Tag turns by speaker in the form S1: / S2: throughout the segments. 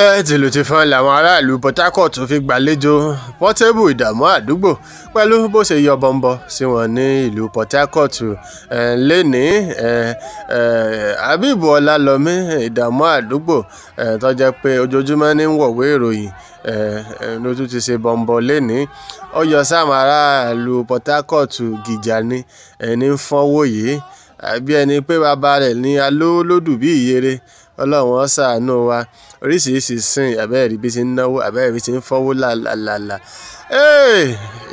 S1: ẹ tìlù tìfọn làwọn aráàlú Port Harcourt fi gbàlejò pọ́tébù ìdààmú àdúgbò pẹ̀lú bó ṣe yọ bọ́ńbọ́ sí wọn ní ìlú Port Harcourt lẹ́ni Habeeb Ọlálọmí ìdààmú àdúgbò tó jẹ́ pé ojoojúmọ́ ní ń wọ̀wé ìròyìn ló tún ti ṣe bọ́ńbọ́ lẹ́ni ó yọ sáwọn aráàlú Port Harcourt gìjà ni ẹni ń fọ́wọ́ yìí àbí ẹni pé bàbá rẹ̀ ní alówólódù bíi ìyèrè ọlọ́run ó ṣàánú wa oríṣiríṣi sìn àbẹ́ẹ̀rí bí ti ń náwó àbẹ́ẹ̀rí bí ti ń fọ́wó làlàlà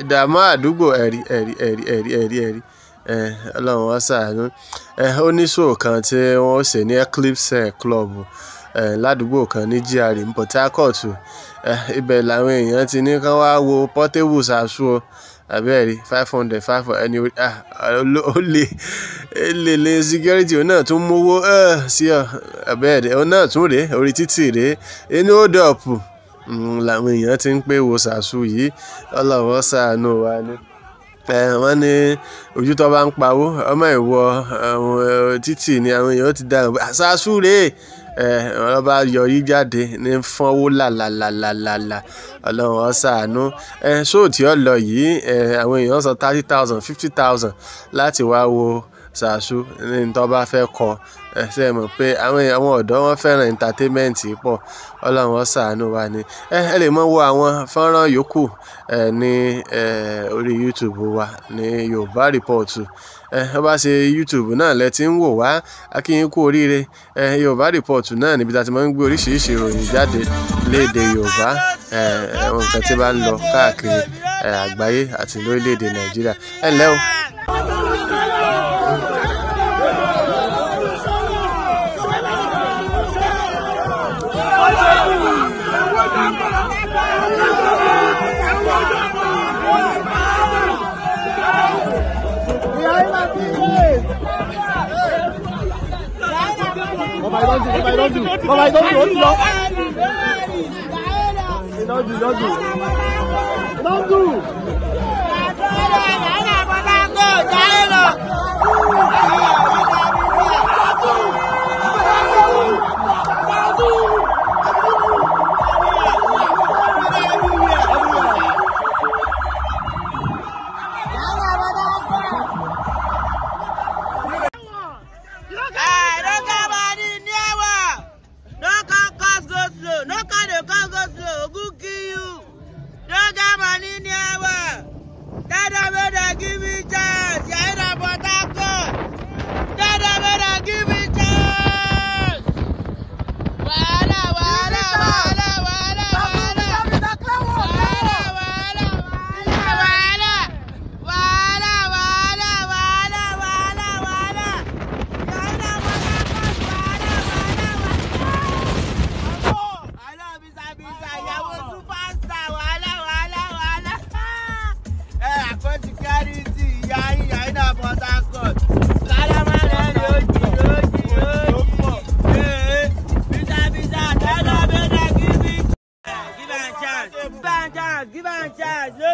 S1: ìdààmú àdúgbò ẹ̀rí ẹ̀rí ẹ̀rí ẹ̀rí ẹ̀rí ẹ̀rí ọlọ́run ó ṣàánú ó ní ṣòwò kan tí wọ́n ṣe ní Eclipse eh, Club ládùúgbò kan ní GRA ní Port Harcourt ibẹ̀ làwọn èèyàn ti ní kán wá wo Portable ṣàṣù o àbẹ́ẹ̀rí five hundred five for any ẹni ah, ó lè lè lè security òun náà tún mówó eh, sí ọ àbẹ́ẹ̀rí òun náà tún rèé orí títì rèé inú ó dọ̀pù hmm, làwọn èèyàn ti ń pé wo sàṣù yìí ọlọ́wọ́ sàánú wa ni eh, wọ́n ní ojú tó bá ń pawó ọmọ ìwọ eh, títì ni àwọn èèyàn ti dáhùn sàṣù rèé um eh, ọ̀rọ̀ bá yọrí jáde ní fọ́nwó làlàlàlà ọlọ́run ó ṣàánú. um eh, ṣóò tí ó lọ yìí um àwọn èèyàn san thirty thousand fifty thousand láti wá wo ṣàṣù ní tó bá fẹ́ kọ ẹsẹ mọ̀ pé àwọn èèyàn àwọn ọ̀dọ́ wọn fẹ́ràn entertainment pọ̀ ọlọ́run ó ṣàánú wa ni ẹ ẹ lè mọ wo àwọn fọ́nrán yòókù ẹ ní ẹ orí YouTube wa ní Yorùbá Report ẹ ọ bá ṣe YouTube náà lẹ ti ń wò wá akínyìn kú oríire ẹ Yorùbá Report náà níbi tá a ti máa ń gbé oríṣiríṣi ìròyìn jáde léde Yorùbá ẹ ẹ nǹkan tí bá ń lọ káàkiri àgbáyé àti lórílẹ̀ Nàìjíríà ẹ ǹlẹ́ o.
S2: don't do. come on, Don't do. Don't do. Don't do. Don't do. Don't do.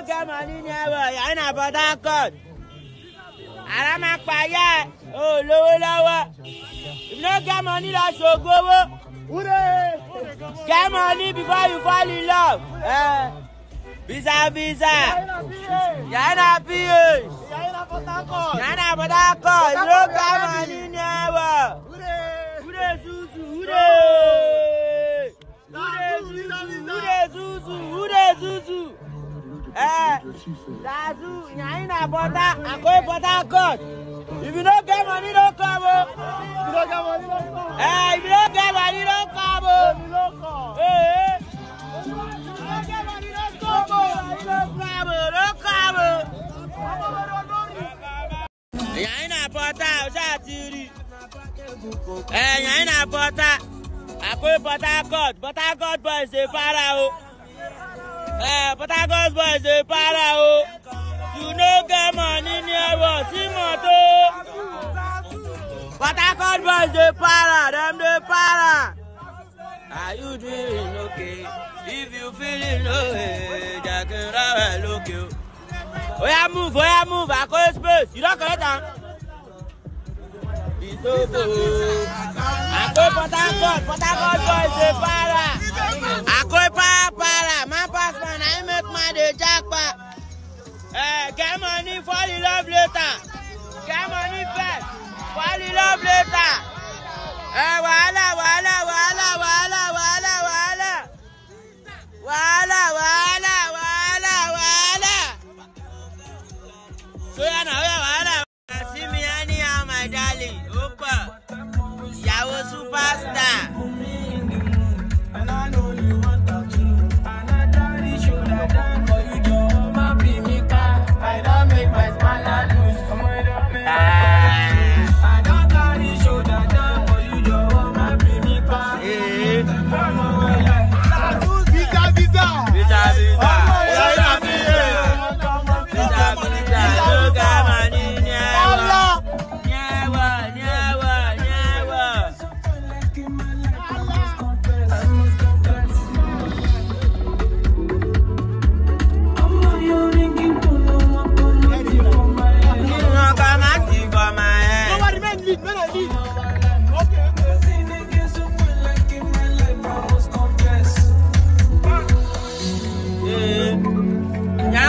S2: get money never yana Port Harcourt ara máa payá ò lówó lọ́wọ́ if no get money lọ ṣògbówó before you fall in love. Uh, Visa visa. Yana PH. Yana Port Harcourt. Yana Port Harcourt. No come on in here. Ure. Ure susu. Zazu, you na butter, I go butter cut. If you don't get money, don't come. Oh. Eh, if you don't get money, don't come. Hey, oh. eh, eh. if you don't get money, don't come. if oh. you don't come. Don't come, don't come. Yàyín na bọ́tà ọ̀ṣà ti rí. Ẹ̀yàn yín na bọ́tà. Àkóyè Port boys ṣe fara o. But I got boys dey para o you no get money near us see But I got boys dey para them dey para. Are you doing okay? If you feeling okay, low, jàkín look you. o. Oya move, oya move, I Akore space, you don I am. but I Port but I Harcourt boys dey para. get money fall in love later get money first fall in love later.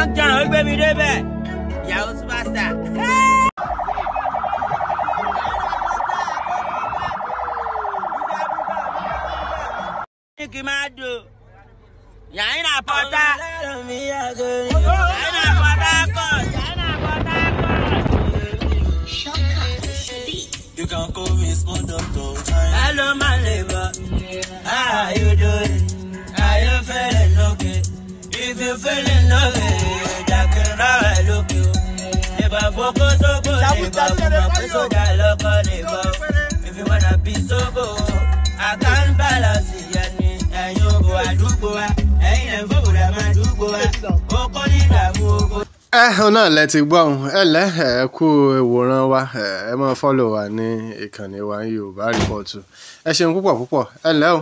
S2: junction ó gbé mi débẹ̀ ìyàwó superstar. ní kí n máa dùn yàrá ìnà pọ́tà Hello, my labor. How ah, you doing? Are ah, you feeling okay? If you feeling okay. mọ̀ pé sójà lọ́kọ́ nìkan if you wa ẹ̀yin ẹ̀ fòwúrẹ̀ máa dúgbò wa ó kó nígbà mú oko
S1: ẹ̀hún náà lẹ ti gbọ́ ọ̀hún ẹ lẹ́ ẹ kú ìwòran wa ẹ máa fọ́lọ̀ wa ní ìkànnì wa Yorùbá Reportu ẹ ṣeun púpọ̀ púpọ̀ ẹ lẹ́ o.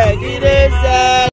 S2: ẹ̀dílé sẹ́